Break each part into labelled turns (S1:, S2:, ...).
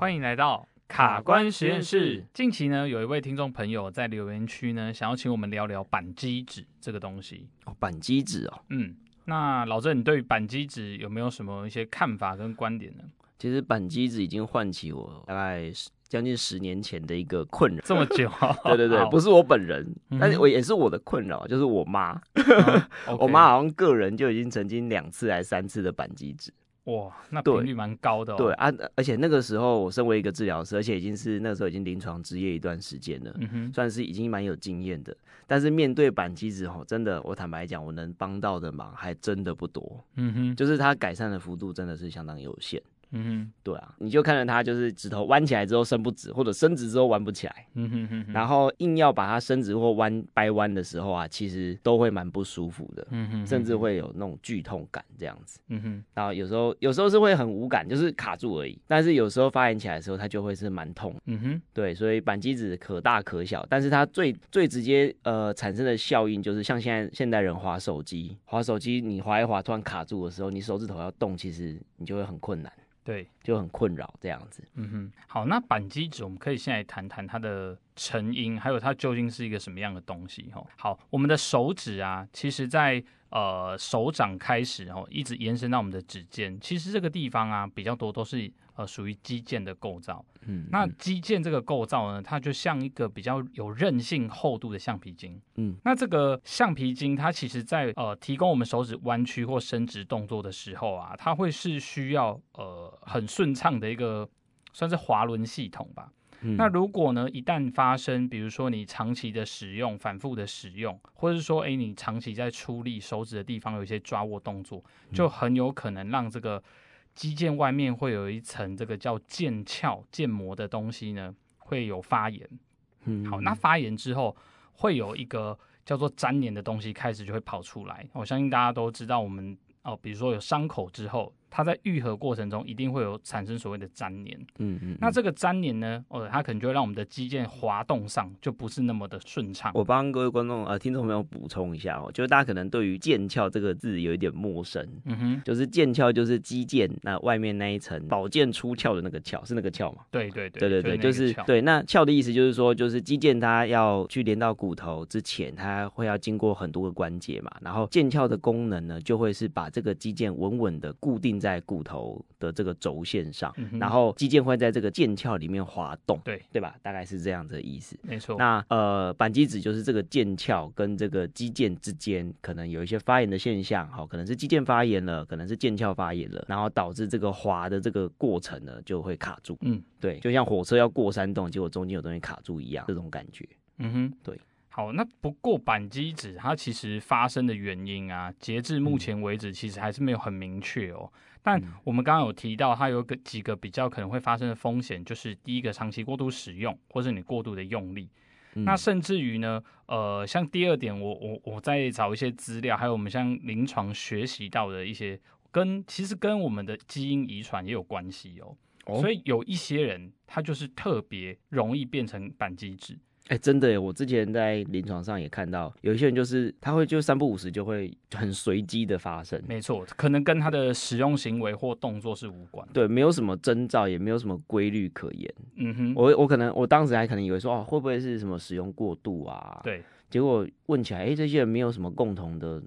S1: 歡迎來到卡關實驗室。嗯、近期呢，有一位聽眾朋友在留言區呢，想要請我們聊聊板機指這個東西。
S2: 哦，板機指哦，嗯，
S1: 那老鄭，你對板機指有
S2: 沒有什麼一些看法跟觀點呢？其實板機指已經喚起我大概將近十年前的一個困擾。這麼久啊、哦？ 對對對，好不是我本人，嗯、哼但是我也是我的困擾，就是我媽， 啊 okay、我媽好像個人就已經曾經兩次還三次的板機指。
S1: 哇，那頻率蠻對高的哦，對
S2: 啊，而且那個時候我身為一個治療師，而且已經是那個時候已經臨床執業一段時間了，嗯、哼算是已經蠻有經驗的。但是面對板機指吼，真的，我坦白講，我能幫到的忙還真的不多，嗯哼，就是它改善的幅度真的是相當有限。嗯哼，對啊，你就看着它，就是指頭彎起來之後伸不直，或者伸直之後彎不起來。嗯哼，嗯哼，然後硬要把它伸直或彎掰彎的時候啊，其實都會蠻不舒服的。嗯哼，嗯哼，甚至會有那種劇痛感這樣子。嗯哼，然後有時候有時候是會很無感，就是卡住而已。但是有時候發炎起來的時候，它就會是蠻痛。嗯哼，對，所以板機指可大可小，但是它最最直接呃產生的效應，就是像現在現代人滑手機，滑手機你滑一滑突然卡住的時候，你手指頭要動，其實你就會很困難。對，就很困擾這樣子。
S1: 嗯哼，好，那板機指我們可以先來談談它的成因，還有它究竟是一個什麼樣的東西？哈，好，我們的手指啊，其實在呃手掌開始，哈，一直延伸到我們的指尖，其實這個地方啊，比較多都是。呃，屬於肌腱的構造。嗯，那肌腱這個構造呢，它就像一個比較有韌性、厚度的橡皮筋。嗯，那這個橡皮筋它其實在，在呃提供我們手指彎曲或伸直動作的時候啊，它會是需要呃很順暢的一個算是滑輪系統吧。嗯、那如果呢，一旦發生，比如說你長期的使用、反覆的使用，或者是說哎、欸、你長期在出力手指的地方有一些抓握動作，就很有可能讓這個。肌腱外面會有一層這個叫腱鞘、腱膜的東西呢，會有發炎。嗯，好，那發炎之後會有一個叫做粘連的東西開始就會跑出來。我相信大家都知道，我們哦，比如說有傷口之後。它在癒合過程中一定會有產生所謂的粘連，嗯嗯，嗯，那這個粘連呢，哦，它可能就會讓我們的肌腱滑動上就不是那麼的順暢。
S2: 我幫各位觀眾呃聽眾朋友補充一下哦，就是大家可能對於“腱鞘”這個字有一點陌生，嗯哼，就是“腱鞘”就是肌腱那外面那一層，寶劍出鞘的那個“鞘”是那個鞘嘛，“鞘”嗎？對對對對對對，對對對就是、就是、對。那“鞘”的意思就是說，就是肌腱它要去連到骨頭之前，它會要經過很多個關節嘛。然後“腱鞘”的功能呢，就會是把這個肌腱穩穩的固定在骨頭的這個軸線上，嗯哼，然後肌腱會在這個腱鞘裡面滑動，對對吧？大概是這樣子的意思。沒錯。那呃，板機指就是這個腱鞘跟這個肌腱之間可能有一些發炎的現象，好、哦，可能是肌腱發炎了，可能是腱鞘發炎了，然後導致這個滑的這個過程呢就會卡住。嗯，對，就像火車要過山洞，結果中間有東西卡住一樣，這種感覺。嗯哼，對。
S1: 好，那不過板機指它其實發生的原因啊，截至目前為止，嗯、其實還是沒有很明確哦。但我們剛剛有提到，它有個幾個比較可能會發生的風險，就是第一個長期過度使用，或者你過度的用力，嗯、那甚至於呢，呃，像第二點我，我我我在找一些資料，還有我們像臨床學習到的一些，跟其實跟我們的基因遺傳也有關係哦，哦，所以有一些人他就是特別容易變成板機指。
S2: 哎、欸，真的耶，我之前在臨床上也看到有一些人，就是他會就三不五時就會很隨機的發生。沒錯，可能跟他的使
S1: 用行為或動作是無
S2: 關。對，沒有什麼徵兆，也沒有什麼規律可言。嗯哼，我我可能我當時還可能以為說，哦、啊，會不會是什麼使用過度啊？對，結果問起來，哎、欸，這些人沒有什麼共同的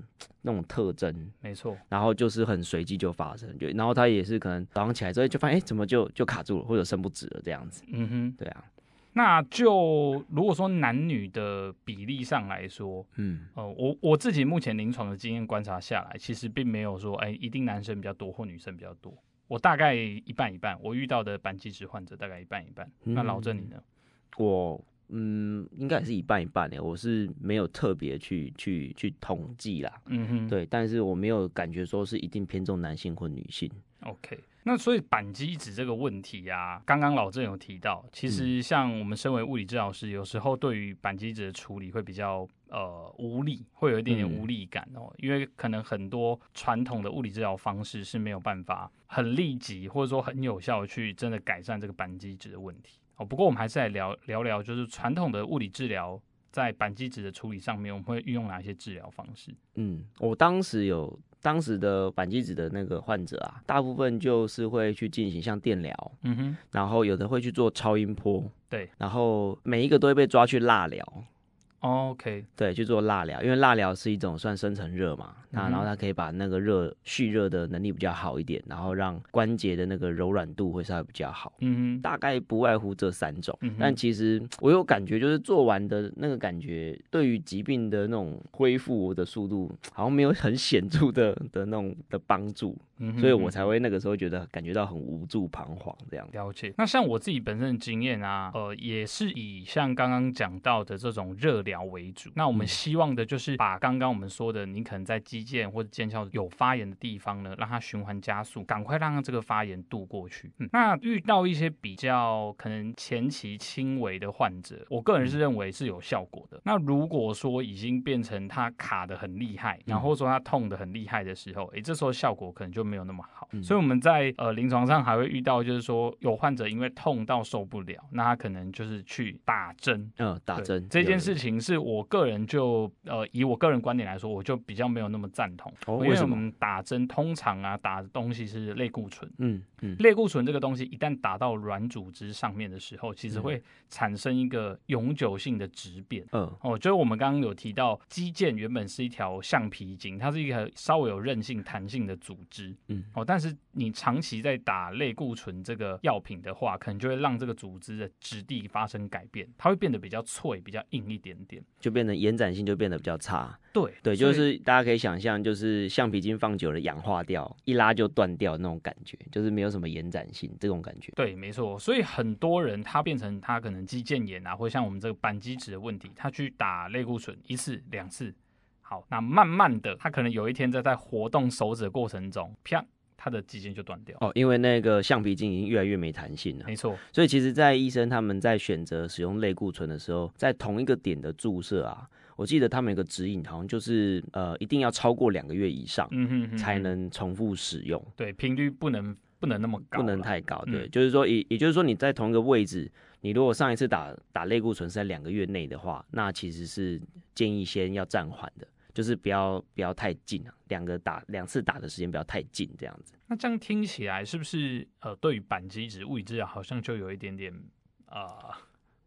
S2: 那種特徵。沒錯，然後就是很隨機就發生，就然後他也是可能早上起來之後就發現，哎、欸，怎麼就就卡住了，或者伸不直了這樣子。嗯哼，對啊。
S1: 那就如果說男女的比例上來說，嗯，呃、我我自己目前臨床的經驗觀察下來，其實並沒有說，哎、欸，一定男生比較多或女生比較多。我大概一半一半，我遇到的板機指患者大概一半一半。那老鄭你
S2: 呢？嗯我嗯，應該也是一半一半的，我是沒有特別去去去統計啦，嗯哼，對，但是我沒有感覺說是一定偏重男性或女性。
S1: OK。那所以板機指這個問題呀、啊，剛剛老鄭有提到，其實像我們身為物理治療師，嗯、有時候對於板機指的處理會比較呃無力，會有一點點無力感哦，嗯、因為可能很多傳統的物理治療方式是沒有辦法很立即或者說很有效地去真的改善這個板機指的問題哦。不過我們還是來聊聊聊，就是傳統的物理治療在板機指的處理上面，我們會運用哪些治療方式？
S2: 嗯，我當時有。當時的板機指的那個患者啊，大部分就是會去進行像電療，嗯哼，然後有的會去做超音波，對，然後每一個都會被抓去蠟療。Oh, OK，對，去做蠟療，因為蠟療是一種算深層熱嘛，嗯、哼那然後它可以把那個熱蓄熱的能力比較好一點，然後讓關節的那個柔軟度會稍微比較好。嗯哼大概不外乎這三種，嗯、哼但其實我有感覺，就是做完的那個感覺，對於疾病的那種恢復的速度，好像沒有很顯著的的那種的幫助，嗯、哼所以我才會那個時候覺得感覺到很無助彷徨這樣。
S1: 了解，那像我自己本身的經驗啊，呃，也是以像剛剛講到的這種熱療。療為主，嗯、那我們希望的就是把剛剛我們說的，你可能在肌腱或者腱鞘有發炎的地方呢，讓它循環加速，趕快讓它這個發炎度過去。嗯，那遇到一些比較可能前期輕微的患者，我個人是認為是有效果的。嗯、那如果說已經變成他卡得很厲害，然後說他痛得很厲害的時候，哎、欸，這時候效果可能就沒有那麼好。嗯、所以我們在呃臨床上還會遇到，就是說有患者因為痛到受不了，那他可能就是去打針。嗯，
S2: 打針對對這件
S1: 事情。是我個人就呃，以我個人觀點來說，我就比較沒有那麼贊同，哦。為什麼？因為打針通常啊，打的東西是類固醇。嗯嗯，嗯類固醇這個東西一旦打到軟組織上面的時候，其實會產生一個永久性的質變。嗯哦，就是我們剛剛有提到，肌腱原本是一條橡皮筋，它是一個稍微有韌性彈性的組織。嗯哦，但是你長期在打類固醇這個藥品的話，可能就會讓這個組織的質地發生改變，它會變得比較脆，比較硬一點點。
S2: 就變成延展性就變得比較差，
S1: 對對，就是
S2: 大家可以想象，就是橡皮筋放久了氧化掉，一拉就斷掉那種感覺，就是沒有什麼延展性這種感覺。
S1: 對，沒錯，所以很多人他變成他可能肌腱炎啊，或像我們這個板機指的問題，他去打類固醇一次兩次，好，那慢慢的他可能有一天在在活動手指的過程中，啪。它的肌腱就斷掉
S2: 哦，因為那個橡皮筋已經越來越沒彈性了。沒錯，所以其實，在醫生他們在選擇使用類固醇的時候，在同一個點的注射啊，我記得他們有個指引，好像就是呃，一定要超過兩個月以上，嗯哼，嗯哼，才能重複使用。對，頻率不能不能那麼高，不能太高。對，嗯，就是說，也也就是說，你在同一個位置，你如果上一次打打類固醇是在兩個月內的話，那其實是建議先要暫緩的。就是不要不要太近啊，兩個打兩次打的時間不要太近，這樣子。那
S1: 這樣聽起來是不是呃，對於板機指物理治療好像就有一點點啊，呃、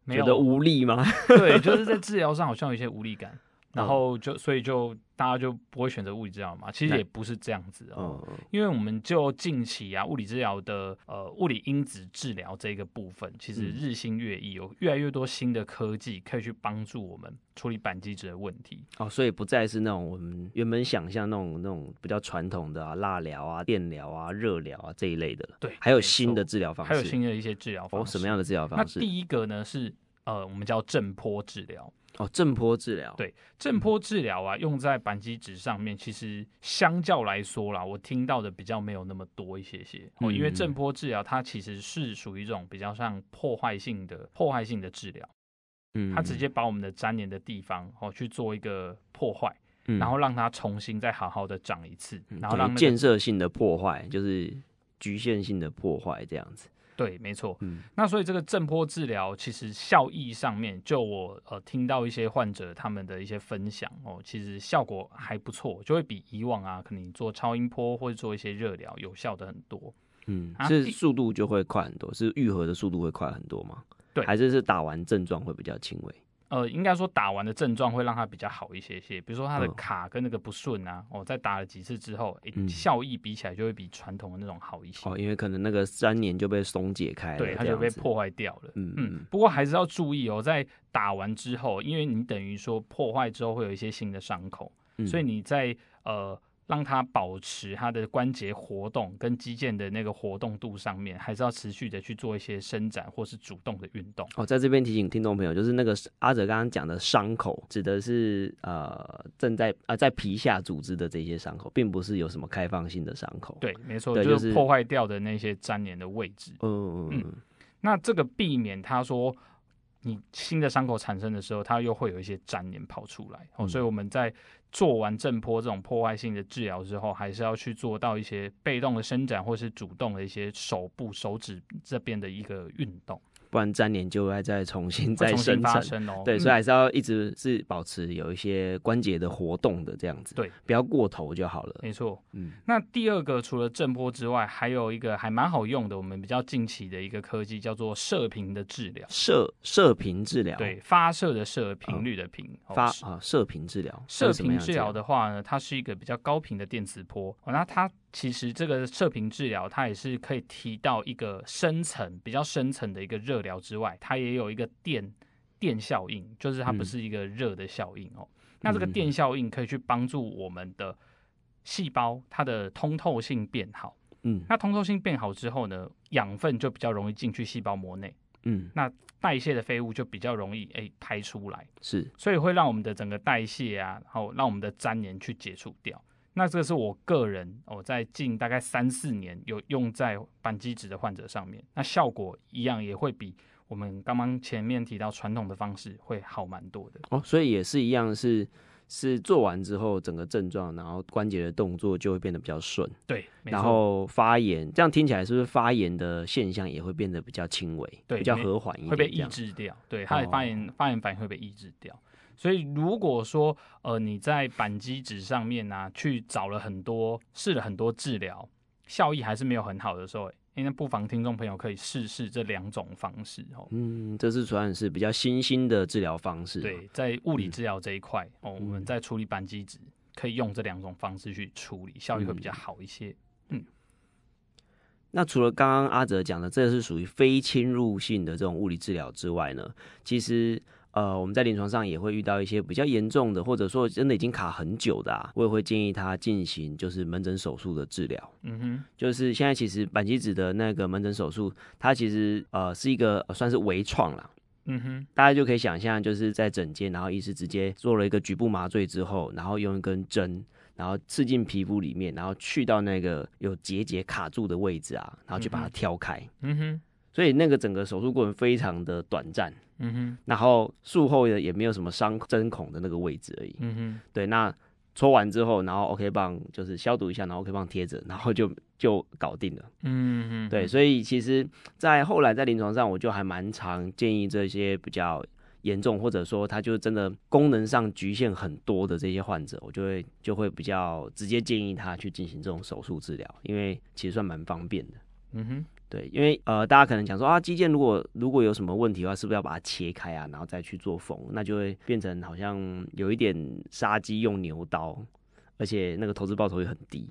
S1: 沒有覺得
S2: 無力嗎？ 對，就
S1: 是在治療上好像有一些無力感。然後就，所以就大家就不會選擇物理治療嘛？其實也不是這樣子哦，因為我們就近期啊，物理治療的呃物理因子治療這個部分，其實日新月異，有越來越多新的科技可以去幫助我們處理板機指的問題。嗯。
S2: 哦，所以不再是那種我們原本想象那種那種比較傳統的啊，蠟療啊、電療啊、熱療啊這一類的了。對，還有新的治療方式，還
S1: 有新的一些治療方式哦，什麼
S2: 樣的治療方式？那第一
S1: 個呢是。呃，我們叫震波治療
S2: 哦，震波治療對，
S1: 震波治療啊，用在板機指上面，其實相較來說啦，我聽到的比較沒有那麼多一些些哦，因為震波治療它其實是屬於一種比較像破壞性的破壞性的治療，嗯，它直接把我們的粘連的地方哦去做一個破壞，嗯、然後讓它重新再好好的長一次，嗯、然後讓、那個、建設
S2: 性的破壞就是局限性的破壞這樣子。
S1: 對，沒錯。嗯，那所以這個震波治療其實效益上面，就我呃聽到一些患者他們的一些分享哦，其實效果還不錯，就會比以往啊，可能做超音波或者做一些熱療有效的很多。
S2: 嗯，是速度就會快很多，是愈合的速度會快很多嗎？對，還是是打完症狀會比較輕微？
S1: 呃，應該說打完的症狀會讓它比較好一些些，比如說它的卡跟那個不順啊，嗯、哦，在打了幾次之後，欸、效益比起來就會比傳統的那種
S2: 好一些，嗯。哦，因為可能那個沾黏就被鬆解開，對，它就被
S1: 破壞掉了。嗯嗯，嗯，不過還是要注意哦，在打完之後，因為你等於說破壞之後會有一些新的傷口，嗯、所以你在呃。讓它保持它的關節活動跟肌腱的那個活動度上面，還是要持續的去做一些伸展或是主動的運動。哦，
S2: 在這邊提醒聽眾朋友，就是那個阿哲剛剛講的傷口，指的是呃正在啊、呃、在皮下組織的這些傷口，並不是有什麼開放性的傷口。對，沒錯，就是、就是破壞
S1: 掉的那些粘連的位置。嗯嗯嗯。嗯嗯那這個避免他說。你新的傷口產生的時候，它又會有一些粘連跑出來哦，嗯、所以我們在做完震波這種破壞性的治療之後，還是要去做到一些被動的伸展，或是主動的一些手部、手指這邊的一個運動。
S2: 不然粘連就會再重新再生成，重新發生哦，對，嗯、所以還是要一直是保持有一些關節的活動的這樣子，對、嗯，不要過頭就好了。沒錯，嗯，
S1: 那第二個除了震波之外，還有一個還蠻好用的，我們比較近期的一個科技叫做射頻的治療，射
S2: 射頻治療，對，
S1: 發射的射頻率的頻啊、哦、發啊射頻治
S2: 療，射頻治療，射頻治療的
S1: 話呢，它是一個比較高頻的電磁波，哦、那它。其實這個射頻治療，它也是可以提到一個深層、比較深層的一個熱療之外，它也有一個電電效應，就是它不是一個熱的效應哦。嗯。那這個電效應可以去幫助我們的細胞，它的通透性變好。嗯。那通透性變好之後呢，養分就比較容易進去細胞膜內。嗯。那代謝的廢物就比較容易誒排、欸、出來。是。所以會讓我們的整個代謝啊，然後讓我們的粘連去解除掉。那這個是我個人，我、哦、在近大概三四年有用在板機指的患者上面，那效果一樣也會比我們剛剛前面提到傳統的方式會好蠻多的。
S2: 哦，所以也是一樣是，是是做完之後整個症狀，然後關節的動作就會變得比較順。
S1: 對，沒錯。然後
S2: 發炎，這樣聽起來是不是發炎的現象也會變得比較輕微，對比較和緩一點？會被抑制
S1: 掉。對，它的發炎、哦、發炎反應會被抑制掉。
S2: 所以，如果說呃你
S1: 在扳機指上面呢、啊、去找了很多、試了很多治療，效益還是沒有很好的時候，應該不妨聽眾朋友可以試試這兩種方式、哦、
S2: 嗯，這是算是比較新興的治療方式、啊。對，在物理治療這一塊、嗯、哦，我們在處理
S1: 扳機指可以用這兩種方式去處理，效益會比較好一些。嗯，
S2: 嗯，那除了剛剛阿澤講的，這是屬於非侵入性的這種物理治療之外呢，其實。呃，我們在臨床上也會遇到一些比較嚴重的，或者說真的已經卡很久的，啊。我也會建議他進行就是門診手術的治療。嗯哼，就是現在其實板機指的那個門診手術，它其實呃是一個、呃、算是微創了。嗯哼，大家就可以想象，就是在診間，然後醫師直接做了一個局部麻醉之後，然後用一根針，然後刺進皮膚裡面，然後去到那個有結節卡住的位置啊，然後去把它挑開。嗯哼。嗯哼所以那個整個手術過程非常的短暫，嗯哼，然後術後也也沒有什麼傷，針孔的那個位置而已，嗯哼，對，那抽完之後，然後 OK 繃就是消毒一下，然後 OK 繃貼着，然後就就搞定了，嗯哼，對，所以其實，在後來在臨床上，我就還蠻常建議這些比較嚴重或者說他就真的功能上局限很多的這些患者，我就會就會比較直接建議他去進行這種手術治療，因為其實算蠻方便的，嗯哼。對，因為呃，大家可能講說啊，肌腱，如果如果有什麼問題的話，是不是要把它切開啊，然後再去做縫，那就會變成好像有一點殺雞用牛刀，而且那個投資報酬也很低。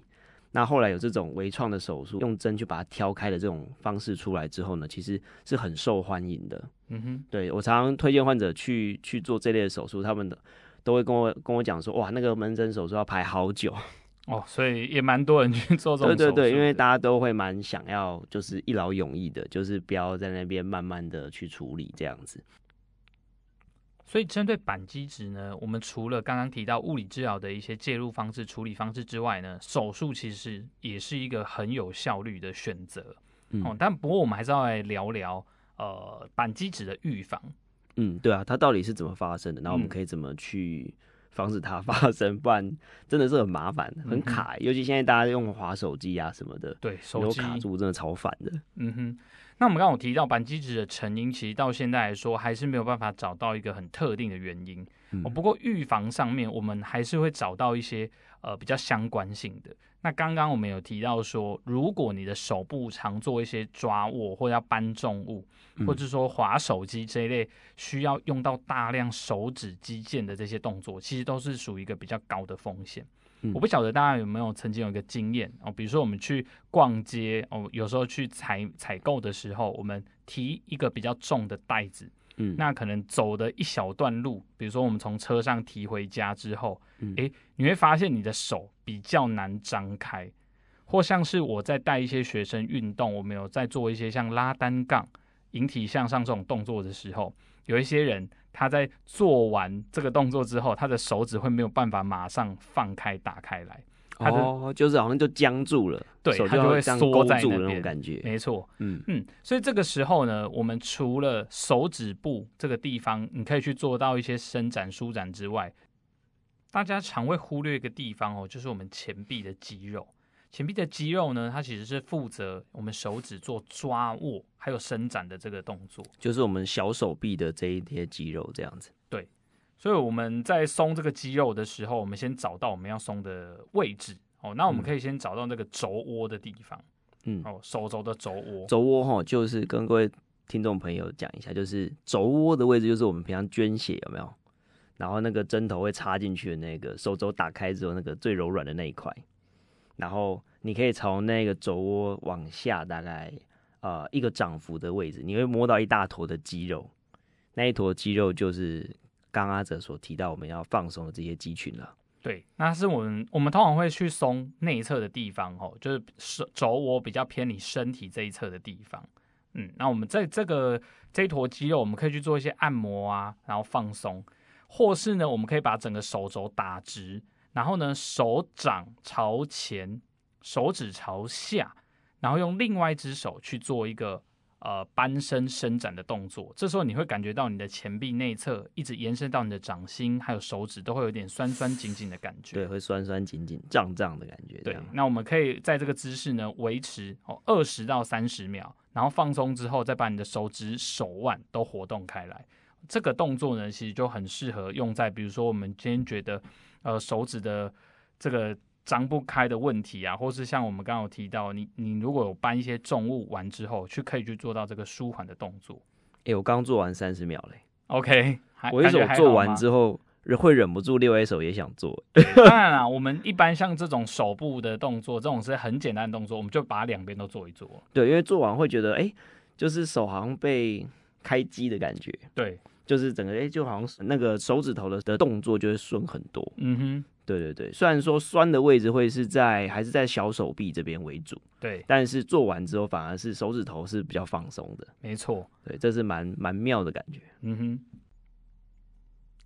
S2: 那後來有這種微創的手術，用針去把它挑開的這種方式出來之後呢，其實是很受歡迎的。嗯哼，對，我常常推薦患者去去做這類的手術，他們呢都會跟我跟我講說，哇，那個門診手術要排好久。
S1: 哦，oh, 所以也蠻多人去做這種，對對對，因為
S2: 大家都會蠻想要，就是一勞永逸的，就是不要在那邊慢慢的去處理這樣子。
S1: 所以針對板機指呢，我們除了剛剛提到物理治療的一些介入方式、處理方式之外呢，手術其實也是一個很有效率的選擇。嗯，哦，但不過我們還是要來聊聊，呃，板機指的預
S2: 防。嗯，對啊，它到底是怎麼發生的？那我們可以怎麼去？嗯防止它發生，不然真的是很麻煩，很卡。嗯哼。尤其現在大家用滑手機啊什麼的，對，有卡住真的超煩的。
S1: 嗯哼。那我們剛剛有提到扳機指的成因，其實到現在來說還是沒有辦法找到一個很特定的原因。哦，不過預防上面我們還是會找到一些呃比較相關性的。那剛剛我們有提到說，如果你的手部常做一些抓握或者要搬重物，或者說滑手機這一類需要用到大量手指肌腱的這些動作，其實都是屬於一個比較高的風險。我不曉得大家有沒有曾經有一個經驗哦，比如說我們去逛街哦，有時候去採採購的時候，我們提一個比較重的袋子，嗯，那可能走的一小段路，比如說我們從車上提回家之後，嗯、欸，你會發現你的手比較難張開，或像是我在帶一些學生運動，我們有在做一些像拉單槓、引體向上這種動作的時候，有一些人，他在做完這個動作之後，他的手指會沒有辦法馬
S2: 上放開打開來，他的哦，就是好像就僵住了，對，他就會縮在那種感覺，
S1: 沒錯，嗯嗯，所以這個時候呢，我們除了手指部這個地方，你可以去做到一些伸展舒展之外，大家常會忽略一個地方哦，就是我們前臂的肌肉。前臂的肌肉呢，它其實是負責我們手指做抓握還有伸展的這個動作，
S2: 就是我們小手臂的這一些肌肉這樣子。
S1: 對，所以我們在鬆這個肌肉的時候，我們先找到我們要鬆的位置哦。那我們可以先找到那個肘窩的地方，嗯，哦，手肘的肘窩。肘
S2: 窩哈，就是跟各位聽眾朋友講一下，就是肘窩的位置，就是我們平常捐血有沒有？然後那個針頭會插進去的那個手肘打開之後，那個最柔軟的那一塊。然後你可以從那個肘窩往下，大概呃一個掌幅的位置，你會摸到一大坨的肌肉，那一坨肌肉就是剛剛阿澤，所提到我們要放鬆的這些肌群了。
S1: 對，那是我們我們通常會去鬆內側的地方哦，就是手肘窩比較偏你身體這一側的地方。嗯，那我們在這個這一坨肌肉，我們可以去做一些按摩啊，然後放鬆，或是呢，我們可以把整個手肘打直。然後呢，手掌朝前，手指朝下，然後用另外一隻手去做一個呃，扳身伸展的動作。這時候你會感覺到你的前臂內側一直延伸到你的掌心，還有手指都會有點酸酸緊緊的
S2: 感覺。對，會酸酸緊緊、脹脹的感覺這樣。
S1: 對，那我們可以在這個姿勢呢維持哦二十到三十秒，然後放鬆之後再把你的手指、手腕都活動開來。這個動作呢，其實就很適合用在，比如說我們今天覺得。呃，手指的這個張不開的問題啊，或是像我們剛剛有提到，你你如果有搬一些重物完之後，去可以去做到這個舒緩的動作。
S2: 哎、欸，我剛做完三十秒嘞，OK 還。我一手做完之後，會忍不住另外一手也想做。
S1: 當然啦， 我們一般像這種手部的動作，這種是很簡單的動作，我們就把兩邊都做一做。
S2: 對，因為做完會覺得，哎、欸，就是手好像被開機的感覺。對。就是整個、欸、就好像那個手指頭的的動作就會順很多。嗯哼，對對對，雖然說酸的位置會是在還是在小手臂這邊為主，對，但是做完之後反而是手指頭是比較放鬆的。沒錯，對，這是蠻蠻妙的感覺。
S1: 嗯哼，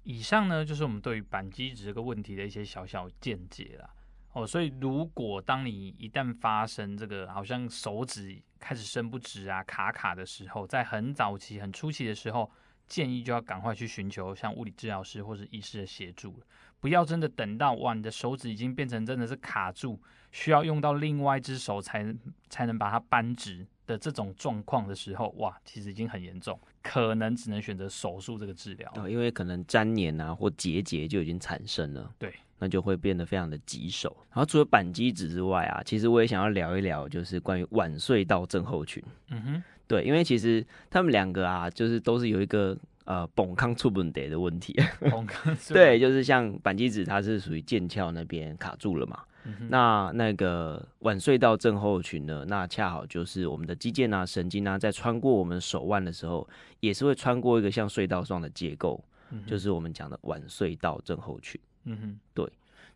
S1: 以上呢就是我們對於扳機指這個問題的一些小小見解啦。哦，所以如果當你一旦發生這個好像手指開始伸不直啊、卡卡的時候，在很早期、很初期的時候。建議就要趕快去尋求像物理治療師或是醫師的協助，不要真的等到哇，你的手指已經變成真的是卡住，需要用到另外一隻手才才能把它扳直的這種狀況的時候，哇，其實已經很嚴重，可能只能選擇手術這個治療，
S2: 因為可能沾黏啊或結節就已經產生了，對，那就會變得非常的棘手。然後除了扳機指之外啊，其實我也想要聊一聊，就是關於腕隧道症候群。嗯哼。對，因為其實他們兩個啊，就是都是有一個呃，肱康觸本的的問題。肱康出 對，就是像扳機指，它是屬於腱鞘那邊卡住了嘛。嗯、哼那那個腕隧道症候群呢，那恰好就是我們的肌腱啊、神經啊，在穿過我們手腕的時候，也是會穿過一個像隧道狀的結構，嗯、哼就是我們講的腕隧道症候群。嗯哼，對。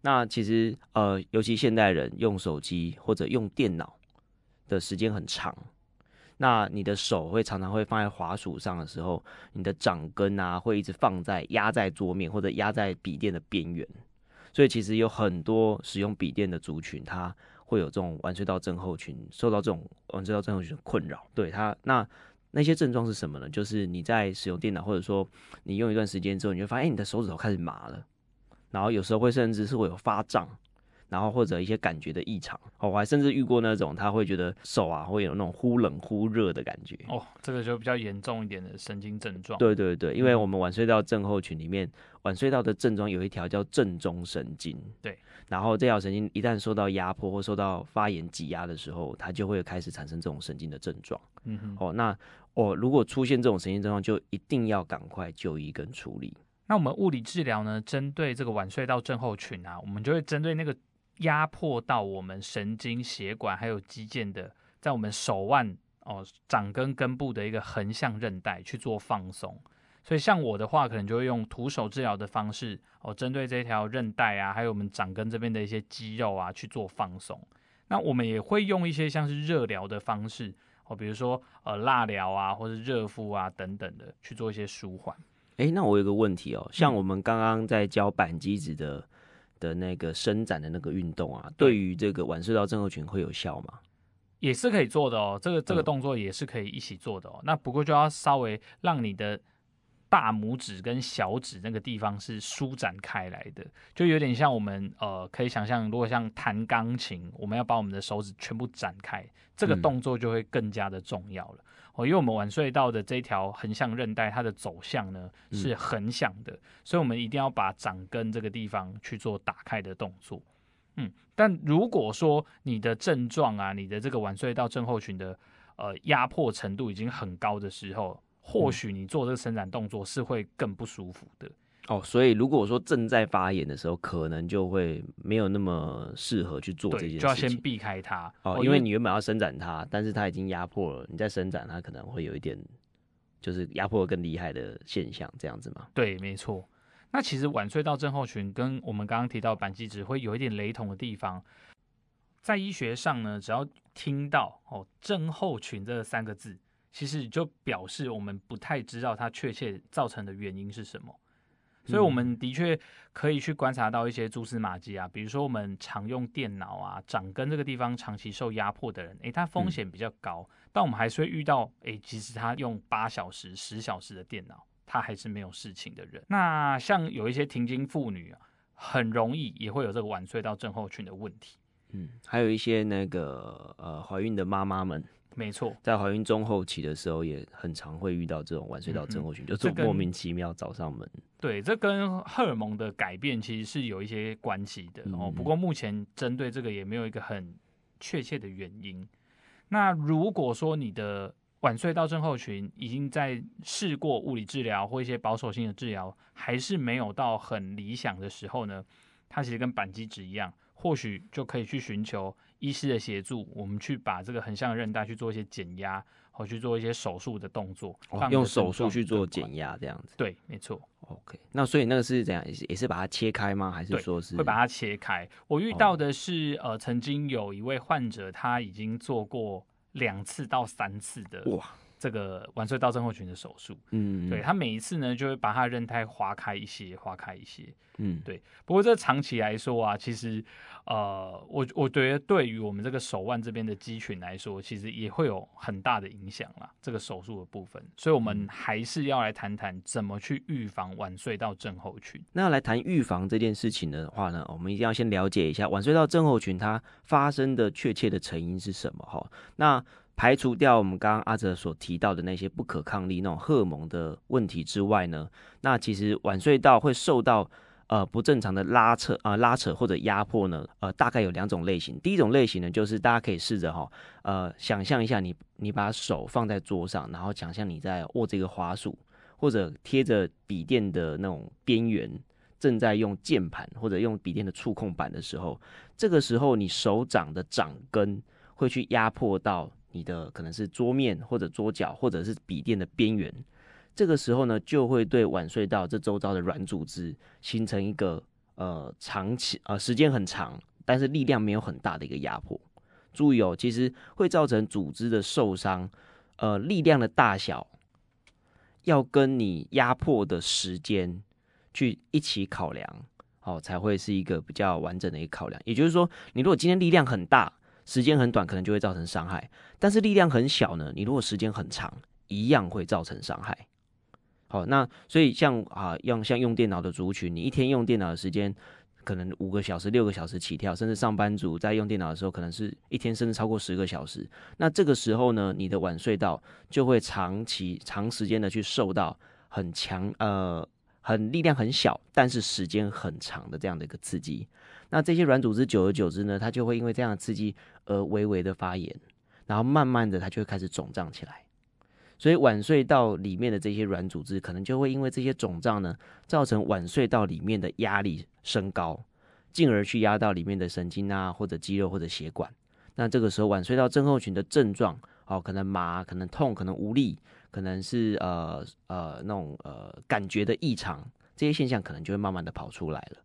S2: 那其實呃，尤其現代人用手機或者用電腦的時間很長。那你的手會常常會放在滑鼠上的時候，你的掌根啊會一直放在壓在桌面或者壓在筆電的邊緣，所以其實有很多使用筆電的族群，他會有這種腕隧道症候群，受到這種腕隧道症候群的困擾。對他，那那些症狀是什麼呢？就是你在使用電腦或者說你用一段時間之後，你就會發現、欸、你的手指頭開始麻了，然後有時候會甚至是會有發脹。然後或者一些感覺的異常，我、哦、還甚至遇過那種他會覺得手啊會有那種忽冷忽熱的感覺
S1: 哦，這個就比較嚴重一點的神經症狀。對
S2: 對對，因為我們腕隧道症候群裡面，嗯、腕隧道的症狀有一條叫正中神經，對。然後這條神經一旦受到壓迫或受到發炎擠壓的時候，它就會開始產生這種神經的症狀。嗯哼。哦，那哦如果出現這種神經症狀，就一定要趕快就醫跟處理。
S1: 那我們物理治療呢，針對這個腕隧道症候群啊，我們就會針對那個。壓迫到我們神經、血管還有肌腱的，在我們手腕哦掌根根部的一個橫向韌帶去做放鬆，所以像我的話，可能就會用徒手治療的方式哦，針對這條韌帶啊，還有我們掌根這邊的一些肌肉啊去做放鬆。那我們也會用一些像是熱療的方式哦，比如說呃蠟療啊，或是熱敷啊等等的去做一些舒
S2: 緩。哎、欸，那我有個問題哦，像我們剛剛在教板機指的。嗯的那個伸展的那個運動啊，對於這個腕隧道症候群會有效嗎？也是可
S1: 以做的哦，這個這個動作也是可以一起做的哦。嗯、那不過就要稍微讓你的大拇指跟小指那個地方是舒展開來的，就有點像我們呃，可以想象，如果像彈鋼琴，我們要把我們的手指全部展開，這個動作就會更加的重要了。嗯哦，因為我們腕隧道的這條橫向韌帶，它的走向呢是橫向的。嗯、所以我們一定要把掌根這個地方去做打開的動作。嗯，但如果說你的症狀啊，你的這個腕隧道症候群的呃壓迫程度已經很高的時候，或許你做這個伸展動作是會更不舒服的。嗯
S2: 哦，oh, 所以如果我說正在發炎的時候，可能就會沒有那麼適合去做對這件事情。就要先避開它哦，oh, 因為你原本要伸展它，但是它已經壓迫了，你再伸展它可能會有一點，就是壓迫更厲害的現象，這樣子嘛，對，沒錯。
S1: 那其實腕隧道症候群跟我們剛剛提到的板機指會有一點雷同的地方，在醫學上呢，只要聽到“哦症候群”這三個字，其實就表示我們不太知道它確切造成的原因是什麼。所以，我們的確可以去觀察到一些蛛絲馬跡啊，比如說我們常用電腦啊，掌根這個地方長期受壓迫的人，誒，他風險比較高。嗯、但我們還是會遇到，哎，即使他用八小時、十小時的電腦，他還是沒有事情的人。那像有一些停經婦女啊，很容易也會有這個腕隧道症候群的問題。嗯，
S2: 還有一些那個呃，懷孕的媽媽們。沒錯，在懷孕中後期的時候，也很常會遇到這種腕隧道症候群，嗯嗯，就是莫名其妙找上門，
S1: 這個。對，這跟荷爾蒙的改變其實是有一些關係的，嗯嗯哦。不過目前針對這個也沒有一個很確切的原因。那如果說你的腕隧道症候群已經在試過物理治療或一些保守性的治療，還是沒有到很理想的時候呢？它其實跟扳機指一樣，或許就可以去尋求醫師的協助，我們去把這個橫向的韌帶去做一些減壓，或去做一些手術的動作，哦、用手術去做減壓這樣子。對，沒錯。OK，
S2: 那所以那個是怎樣？也是把它切開嗎？還是說是會把它
S1: 切開？我遇到的是，哦、呃，曾經有一位患者，他已經做過兩次到三次的。哇。這個腕隧道症候群的手術，嗯，對他每一次呢，就會把他韌帶劃開一些，劃開一些，嗯，對。不過這長期來說啊，其實，呃，我我覺得對於我們這個手腕這邊的肌群來說，其實也會有很大的影響啦，這個手術的部分，所以我們還是要來談談怎麼去預防腕隧道症候群。
S2: 那來談預防這件事情的話呢，我們一定要先了解一下腕隧道症候群它發生的確切的成因是什麼哈。那排除掉我們剛剛阿澤所提到的那些不可抗力那種荷爾蒙的問題之外呢，那其實腕隧道會受到呃不正常的拉扯啊、呃、拉扯或者壓迫呢，呃大概有兩種類型。第一種類型呢，就是大家可以試着哈呃想象一下你，你你把手放在桌上，然後想象你在握這個滑鼠，或者貼着筆電的那種邊緣，正在用鍵盤或者用筆電的觸控板的時候，這個時候你手掌的掌根會去壓迫到。你的可能是桌面或者桌角，或者是筆電的邊緣，這個時候呢，就會對腕隧道這周遭的軟組織形成一個呃長期呃時間很長，但是力量沒有很大的一個壓迫。注意哦，其實會造成組織的受傷，呃，力量的大小要跟你壓迫的時間去一起考量，哦，才會是一個比較完整的一個考量。也就是說，你如果今天力量很大，時間很短，可能就會造成傷害；但是力量很小呢，你如果時間很長，一樣會造成傷害。好，那所以像啊，用像用電腦的族群，你一天用電腦的時間可能五個小時、六個小時起跳，甚至上班族在用電腦的時候，可能是一天甚至超過十個小時。那這個時候呢，你的腕隧道就會長期、長時間的去受到很強呃。很力量很小，但是時間很長的這樣的一個刺激，那這些軟組織久而久之呢，它就會因為這樣的刺激而微微的發炎，然後慢慢的它就會開始腫脹起來。所以，腕隧道裡面的這些軟組織可能就會因為這些腫脹呢，造成腕隧道裡面的壓力升高，進而去壓到裡面的神經啊，或者肌肉或者血管。那這個時候，腕隧道症候群的症狀哦，可能麻，可能痛，可能無力。可能是呃呃那種呃感覺的異常，這些現象可能就會慢慢的跑出來了。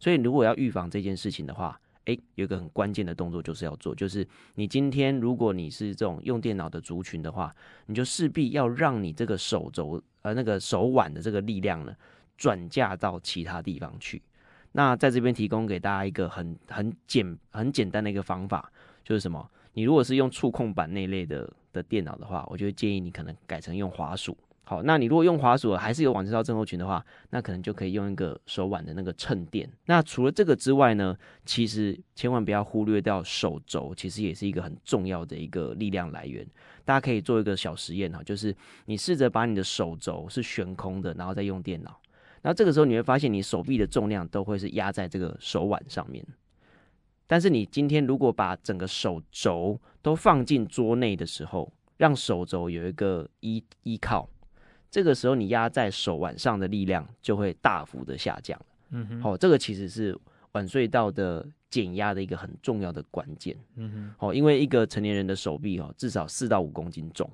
S2: 所以如果要預防這件事情的話，誒，有一個很關鍵的動作就是要做，就是你今天如果你是這種用電腦的族群的話，你就勢必要讓你這個手肘呃那個手腕的這個力量呢，轉嫁到其他地方去。那在這邊提供給大家一個很很簡很簡單的一個方法，就是什麼？你如果是用觸控板那類的。的電腦的話，我就會建議你可能改成用滑鼠。好，那你如果用滑鼠還是有腕隧道症候群的話，那可能就可以用一個手腕的那個襯墊。那除了這個之外呢，其實千萬不要忽略掉手肘，其實也是一個很重要的一個力量來源。大家可以做一個小實驗哈，就是你試着把你的手肘是懸空的，然後再用電腦，那這個時候你會發現你手臂的重量都會是壓在這個手腕上面。但是你今天如果把整個手肘都放進桌內的時候，讓手肘有一個依依靠，這個時候你壓在手腕上的力量就會大幅的下降。嗯哼、哦，這個其實是腕隧道的減壓的一個很重要的關鍵。嗯哼，好、哦，因為一個成年人的手臂哦，至少四到五公斤重，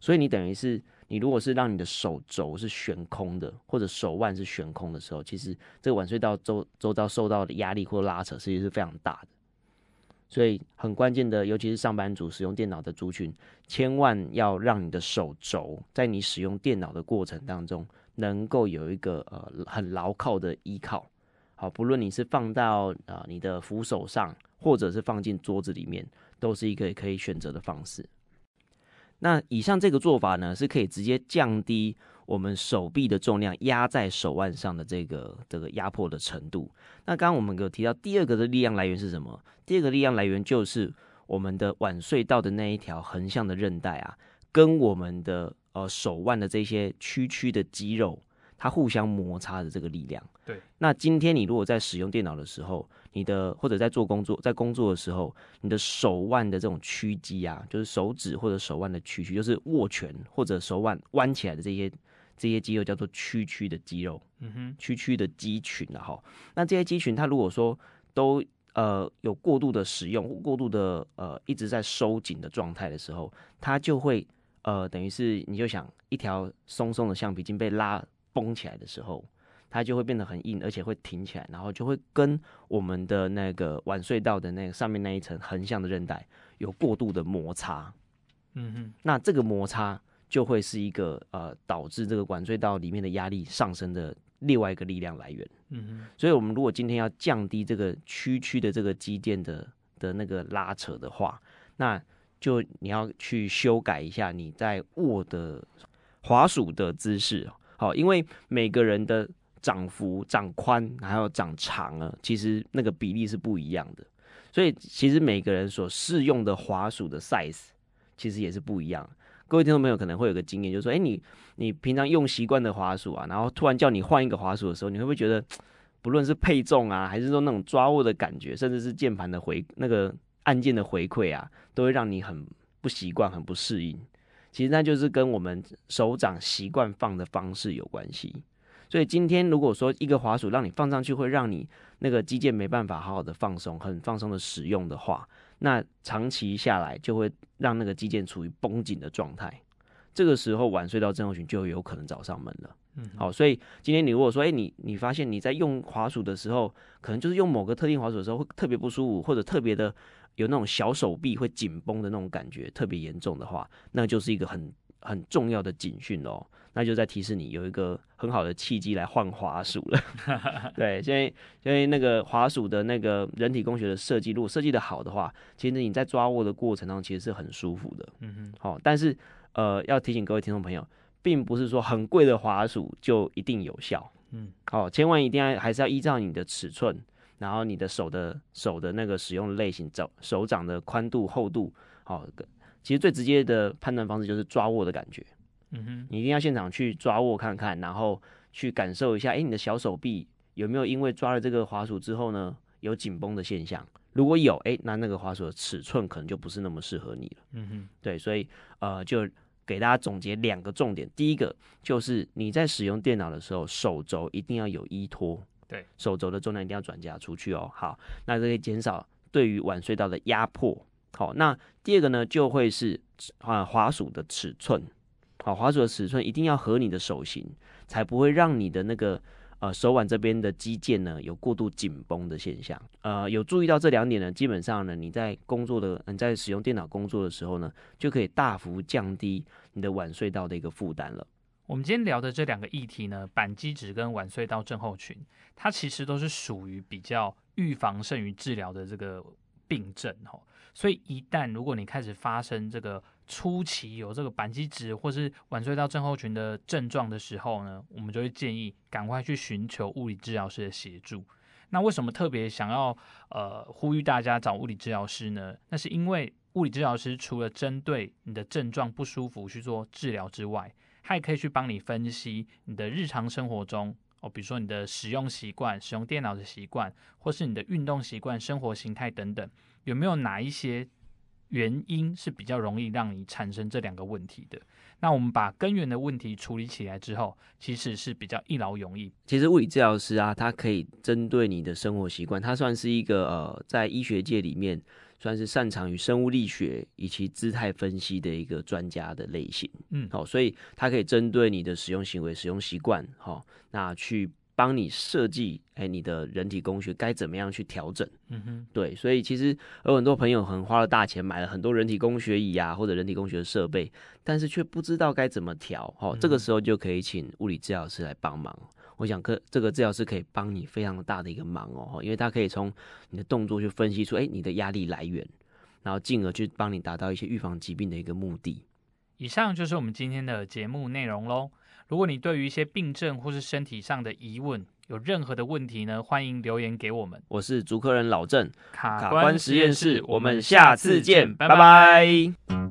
S2: 所以你等於是。你如果是讓你的手肘是懸空的，或者手腕是懸空的時候，其實這個腕隧道周周遭受到的壓力或拉扯，實際上是非常大的。所以很關鍵的，尤其是上班族使用電腦的族群，千萬要讓你的手肘在你使用電腦的過程當中，能夠有一個呃很牢靠的依靠。好，不論你是放到啊、呃、你的扶手上，或者是放進桌子裡面，都是一個可以選擇的方式。那以上這個做法呢，是可以直接降低我們手臂的重量壓在手腕上的這個這個壓迫的程度。那剛剛我們有提到第二個的力量來源是什麼？第二個力量來源就是我們的腕隧道的那一條橫向的韌帶啊，跟我們的呃手腕的這些屈曲、曲的肌肉，它互相摩擦的這個力量。對。那今天你如果在使用電腦的時候，你的或者在做工作，在工作的時候，你的手腕的這種屈肌啊，就是手指或者手腕的屈曲，就是握拳或者手腕彎起來的這些這些肌肉，叫做屈曲的肌肉，嗯哼，屈曲的肌群啊。哈。那這些肌群，它如果說都呃有過度的使用，過度的呃一直在收緊的狀態的時候，它就會呃等於是你就想一條鬆松的橡皮筋被拉繃起來的時候。它就會變得很硬，而且會挺起來，然後就會跟我們的那個腕隧道的那個上面那一層橫向的韌帶有過度的摩擦，嗯哼，那這個摩擦就會是一個呃導致這個腕隧道裡面的壓力上升的另外一個力量來源，嗯哼，所以我們如果今天要降低這個區區的這個肌腱的的那個拉扯的話，那就你要去修改一下你在握的滑鼠的姿勢，好，因為每個人的。漲幅、長寬，還有長長啊，其實那個比例是不一樣的。所以，其實每個人所適用的滑鼠的 size，其實也是不一樣。各位聽眾朋友可能會有個經驗，就是說，哎、欸，你你平常用習慣的滑鼠啊，然後突然叫你換一個滑鼠的時候，你會不會覺得，不論是配重啊，還是說那種抓握的感覺，甚至是鍵盤的回那個按鍵的回饋啊，都會讓你很不習慣、很不適應。其實那就是跟我們手掌習慣放的方式有關係。所以今天如果說一個滑鼠讓你放上去，會讓你那個肌腱沒辦法好好的放鬆，很放鬆的使用的話，那長期下來就會讓那個肌腱處於繃緊的狀態。這個時候腕隧道症候群就有可能找上門了。嗯哼，好、哦，所以今天你如果說，哎，你你發現你在用滑鼠的時候，可能就是用某個特定滑鼠的時候會特別不舒服，或者特別的有那種小手臂會緊繃的那種感覺，特別嚴重的話，那就是一個很。很重要的警訊哦，那就在提示你有一個很好的契機來換滑鼠了。 對，因為，因為那個滑鼠的那個人體工學的設計，如果設計得好的話，其實你在抓握的過程當中其實是很舒服的。嗯哼。好、哦，但是呃，要提醒各位聽眾朋友，並不是說很貴的滑鼠就一定有效。嗯。好、哦，千萬一定要還是要依照你的尺寸，然後你的手的手的那個使用類型，手掌的寬度、厚度，好、哦。其實最直接的判斷方式就是抓握的感覺，嗯哼，你一定要現場去抓握看看，然後去感受一下，誒，你的小手臂有沒有因為抓了這個滑鼠之後呢，有緊繃的現象？如果有，誒，那那個滑鼠的尺寸可能就不是那麼適合你了，嗯哼，對，所以呃，就給大家總結兩個重點，第一個就是你在使用電腦的時候，手肘一定要有依託，對，手肘的重量一定要轉嫁出去哦，好，那這可以減少對於腕隧道的壓迫。好、哦，那第二個呢，就會是啊、呃、滑鼠的尺寸，好、哦，滑鼠的尺寸一定要合你的手型，才不會讓你的那個呃手腕這邊的肌腱呢有過度緊繃的現象。呃，有注意到這兩點呢，基本上呢，你在工作的，你在使用電腦工作的時候呢，就可以大幅降低你的腕隧道的一個負擔了。
S1: 我們今天聊的這兩個議題呢，板機指跟腕隧道症候群，它其實都是屬於比較預防勝於治療的這個病症、哦，所以一旦如果你開始發生這個初期有這個板機指，或是腕隧道症候群的症狀的時候呢，我們就會建議趕快去尋求物理治療師的協助。那為什麼特別想要呃呼籲大家找物理治療師呢？那是因為物理治療師除了針對你的症狀不舒服去做治療之外，他也可以去幫你分析你的日常生活中哦，比如說你的使用習慣、使用電腦的習慣，或是你的運動習慣、生活型態等等。有沒有哪一些原因是比較容易讓你產生這兩個問題的？那我們把根源的問題處理起來之後，其實是比較一勞永逸。
S2: 其實物理治療師啊，他可以針對你的生活習慣，他算是一個呃，在醫學界裡面算是擅長於生物力學以及姿態分析的一個專家的類型。嗯，好、哦，所以他可以針對你的使用行為、使用習慣，哈、哦，那去。幫你設計，哎、欸，你的人體工學該怎麼樣去調整？嗯哼，對，所以其實有很多朋友很花了大錢買了很多人體工學椅啊，或者人體工學的設備，但是卻不知道該怎麼調。哦，嗯、這個時候就可以請物理治療師來幫忙。我想，可這個治療師可以幫你非常大的一個忙哦，因為他可以從你的動作去分析出，哎、欸，你的壓力來源，然後進而去幫你達到一些預防疾病的一個目的。
S1: 以上就是我們今天的節目內容嘍。如果你對於一些病症，或是身體上的疑問有任何的問題呢，歡迎留言給我們。
S2: 我是主持人老鄭，卡卡關實驗室，驗室我們下次見，拜拜。拜拜。